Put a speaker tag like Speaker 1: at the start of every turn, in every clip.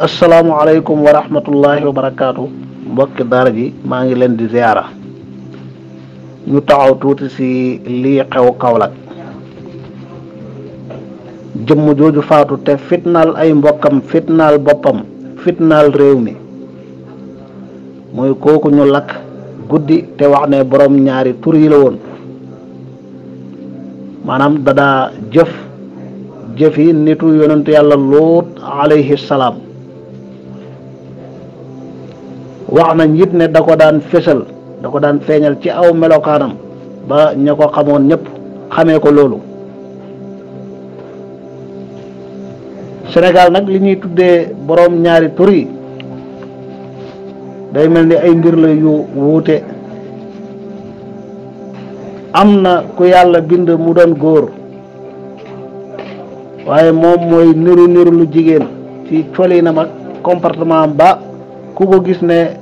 Speaker 1: asalaamualeykum wa rahmatullahi wa barakaatu mbokki daara ji maa ngi leen di ziara ñu taxaw tuuti ci lii xew Kaolack jëmm jooju faatu te fitnaal ay mbokkam fitnaal boppam fitnaal réew mi mooy kooku ñu lakk guddi te wax ne boroom ñaari tur yi la woon maanaam dadaa jëf jëf yi nitu yonentu yàlla luut alayhi salaam wax nañ it ne da ko daan fésal da ko daan feeñal ci aw melokaanam ba ñoo ko xamoon ñëpp xamee ko loolu Sénégal nag li ñuy tuddee boroom ñaari tur yi day mel ni ay ngir la yu wuute am na ku yàlla bind mu doon góor waaye moom mooy niru niru lu jigéen ci colinam ak comportement ba ku ko gis ne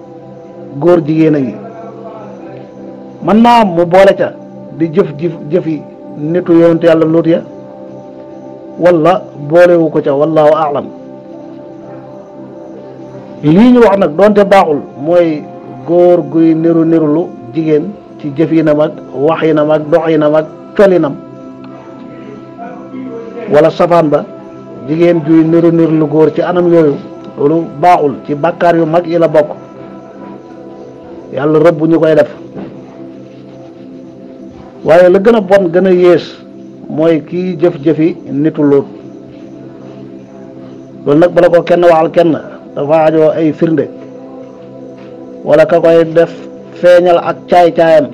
Speaker 1: góor jigéen a ngi mën naa am mu boole ca di jëf jëf jëfi nitu yonent yàlla luut ya wala boolewu ko ca wallahu aalam lii ñu wax nag doonte baaxul mooy góor guy niru lu jigéen ci jëf jëfinam ak waxinam ak doxinam ak colinam wala safaan ba jigéen juy niru lu góor ci anam yooyu loolu baaxul ci bàkkaar yu mag yi la bokk yàlla rëbb ñu koy def waaye la gën a bon gën a yées mooy kii jëf-jëfi nitu lóot loolu nag bala ko kenn waxal kenn dafa ajoo ay firnde wala ka koy def feeñal ak caay-caayam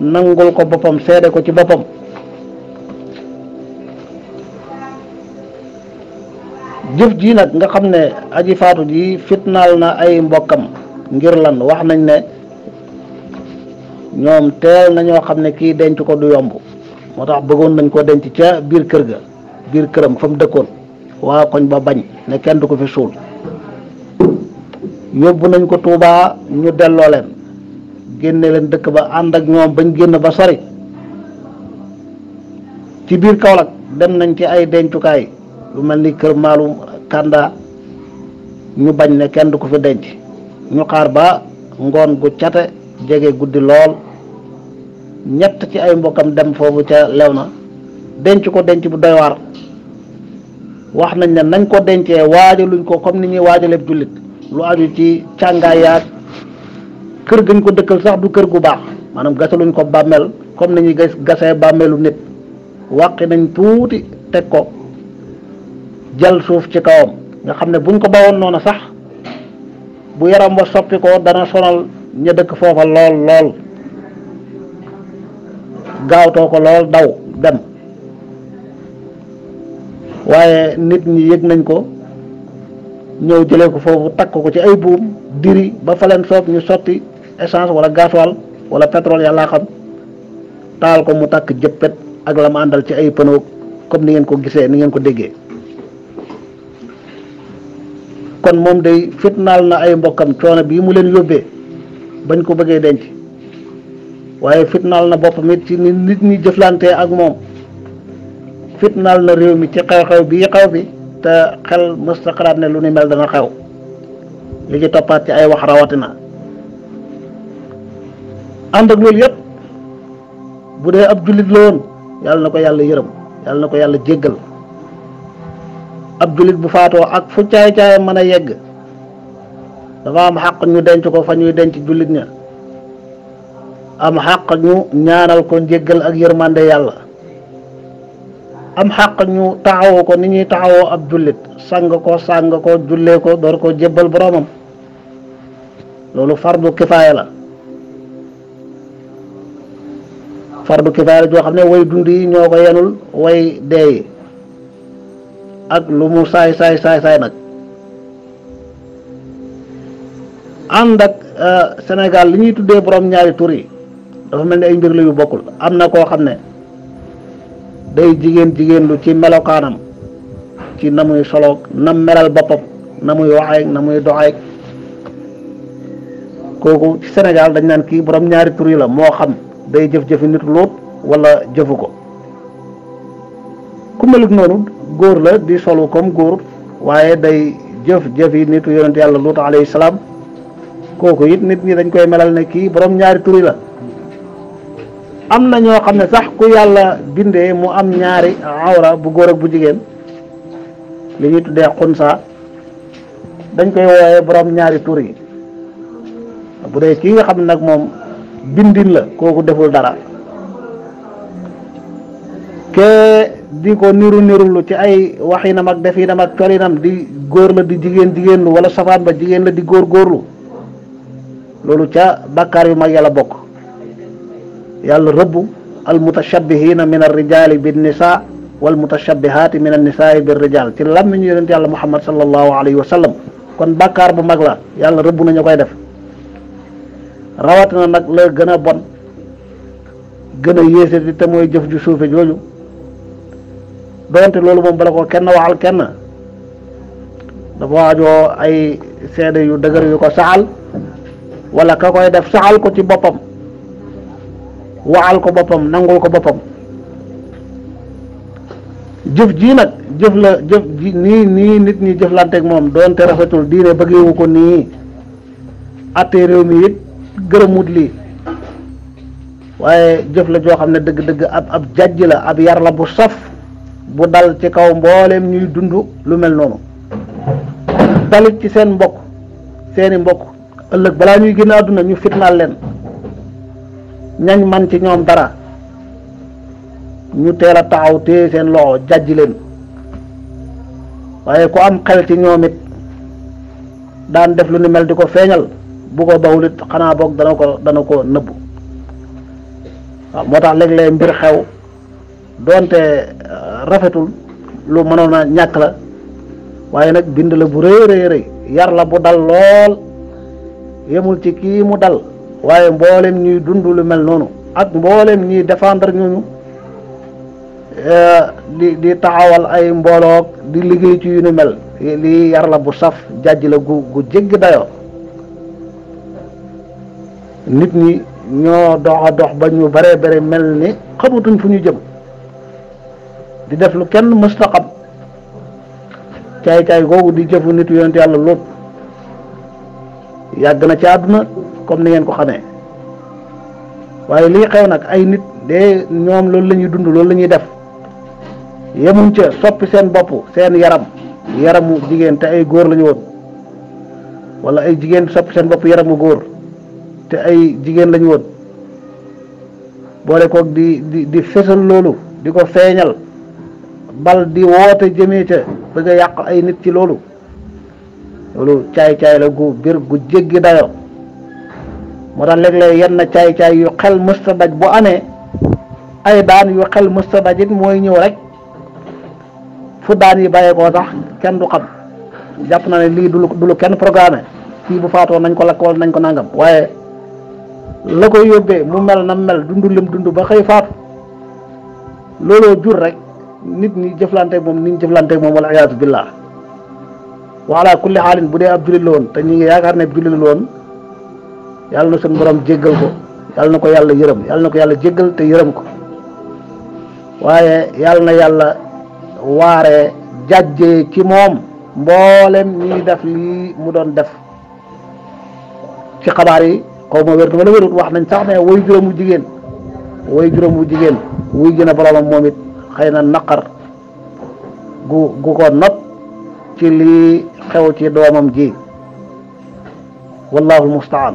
Speaker 1: nangul ko boppam seede ko ci boppam jëf ji nag nga xam ne aji faatu ji fitnaal na ay mbokkam ngir lan wax nañ ne ñoom teel na ñoo xam ne kii denc ko du yomb moo tax bëggoon nañ ko denc ca biir kër ga biir këram fa mu dëkkoon waa koñ ba bañ ne kenn du ko fi suul yóbbu nañ ko tuubaa ñu delloo leen génne leen dëkk ba ànd ak ñoom bañ génn ba sori ci biir kaolak dem nañ ci ay dencukaay lu mel kër kanda ñu bañ ne kenn du ko fi denc ñu xaar ba ngoon gu cate jege guddi lool ñett ci ay mbokkam dem foofu ca lew na denc ko denc bu doy waar wax nañ ne nañ ko dencee waajaluñ ko comme ni ñuy waajalee jullit lu aju ci càngaayaat kër gañ ko dëkkal sax du kër gu baax maanaam gasaluñ ko bàmmeel comme ni gas gasee bàmmeelu nit wàqi nañ tuuti teg ko jël suuf ci kawam nga xam ne buñ ko bawoon noonu sax bu yaram ba soppi ko dana sonal ña dëkk lol lool lool gaawtoo ko lool daw dem waaye nit ñi yëg nañ ko ñëw jëlee ko foofu takk ko ci ay buum diri ba fa leen soob ñu sotti essence wala gasoil wala pétrole yàllaa xam taal ko mu takk jëppet ak la ma àndal ci ay panneau comme ni ngeen ko gisee ni ngeen ko déggee kon moom day fitnaal na ay mbokkam coono bii mu leen yóbbee bañ ko bëggee denc waaye fitnaal na boppam it ci ni nit ñi jëflantee ak moom fitnaal na réew mi ci xew-xew bii xew bi te xel mësta xalaat ne lu ni mel dana xew li ci toppaat ci ay wax rawatina ànd ak loolu yëpp bu dee ab jullit la woon yàlla na ko yàlla yërëm yàlla na ko yàlla jéggal ab jullit bu faatoo ak fu caay-caay mën a yegg dafa am xaq ñu denc ko fa ñuy denc jullit ña am xaq ñu ñaanal ko njéggal ak yërmande yàlla am xaq ñu taxawoo ko ni ñuy taxawoo ab jullit sang ko sang ko jullee ko door ko jébbal boroomam loolu fardu kifaaya la fardu kifaaya la joo xam ne way dund yi ñoo ko yenul way dee yi ak lu mu saay saay saay saay nag ànd ak euh, Sénégal li ñuy tuddee borom ñaari tur dafa mel ni ay mbir la yu bokkul am na koo xam ne day jigéen jigéen lu ci melokaanam ci na muy soloog na melal boppam na muy waxeeg na muy doxeeg kooku ci Sénégal dañ naan kii borom ñaari tur la moo xam day jëf-jëfi luut wala jëfu ko ku melut noonu góor la di solu comme góor waaye day jëf jëf yi nitu yonent yàlla luutu alayhi salaam kooku it nit ñi dañ koy melal ne kii boroom ñaari turi la am na ñoo xam ne sax ku yàlla bindee mu am ñaari awra bu góor ak bu jigéen li ñuy tuddee xunsa dañ koy woowee borom ñaari tur yi bu dee kii nga xam nag moom bindin la kooku deful dara kee di ko niru nirulu ci ay waxinam ak definam ak colinam di góor la di jigéen jigéen lu wala safaan ba jigéen la di góor góorlu loolu ca bàkkaar yu mag yàlla bokk yàlla rëbb al mutashabihiina min ar rijaali bin nisaa wal mutashabihaati min an nisaai bir rijaal ci làmmiñu yonent yàlla muhammad sallallahu alayhi wa sallam kon bàkkaar bu mag la yàlla rëbb nañu koy def rawatina nag la gën a bon gën a yéesati te mooy jëf ju suufe jooju doonte loolu moom bala ko kenn waxal kenn dafa waajoo ay seede yu dëgër yu ko saxal wala ka koy def saxal ko ci boppam waxal ko boppam nangul ko boppam jëf jii nag jëf la jëf ji nii nii nit ñi jëflanteeg moom doonte rafetul diine bëggewu ko nii àttee réew mi it gërëmut lii waaye jëf la joo xam ne dëgg-dëgg ab ab la ab yar la bu saf bu dal ci kaw mbooleem ñuy dund lu mel noonu dalit ci seen mbokk seeni mbokk ëllëg balaa ñuy génn àdduna ñu fitnaal leen ñañ man ci ñoom dara ñu teel a taxaw téye seen loxo jàjji leen waaye ku am xel ci ñoom daan def lu ni mel di ko feeñal bu ko bawul xanaa boog dana ko dana ko nëbbu moo tax léeg-léeg mbir xew doonte rafetul lu mënoon a ñàkk la waaye nag bind la bu rëy rëy yar la bu dal lool yemul ci kii mu dal waaye mboolem ñuy dund lu mel noonu ak mboolem ñuy défendre ñu e, di di taxawal ay mboolook di liggéey ci yu nu mel lii yar la bu saf jàjj la gu gu jéggi dayoo nit ñi ñoo doxa dox ba ñu bare bare mel ni xamutuñ fu ñu jëm di def lu kenn mësta xam caay caay googu di jëfu nitu yonent yàlla loot yàgg na ci àdduna comme ni ko xamee waaye lii xew nag ay nit de ñoom loolu la ñuy dund loolu la ñuy def yemuñ ca soppi seen bopp seen yaram yaramu jigéen te ay góor lañu ñu woon wala ay jigéen soppi seen bopp yaramu góor te ay jigéen lañu ñu woon boole koog di di di fesal loolu di ko feeñal bal di woote jëmee ca bëgg yàq ay nit ci loolu loolu caay-caay la gu bir gu jéggi dayo moo tax léeg-léeg yenn caay-caay yu xel mësta daj bu amee ay daan yu xel mësta daj it mooy ñëw rek fu daan yi bàyyee koo sax kenn du xam jàpp na ne lii du kenn programme kii bu faatoo nañ ko lakk wala nañ ko nangam waaye la koy yóbbee mu mel na mel dundu lim dund ba xëy faatu looloo jur rek nit ñi jëflanteeg moom ni ñu moom wala ayaatu billah wala kulli xaalin bu dee ab jullit la woon te ñu ngi yaakaar ne ab jullit na suñu borom jéggal ko yàlla na ko yàlla yërëm yàlla na ko yàlla jéggal te yërëm ko waaye yàlla na yàlla waaree jàjjee ci moom mboolem ñi def lii mu doon def ci xabaar yi xaw ma wér wala wérut wax nañ sax ne woy juróom wu jigéen woy juróom wu jigéen wuy gën a boromam xëy na naqar gu gu ko not ci lii xew ci doomam ji wallaahu almustaan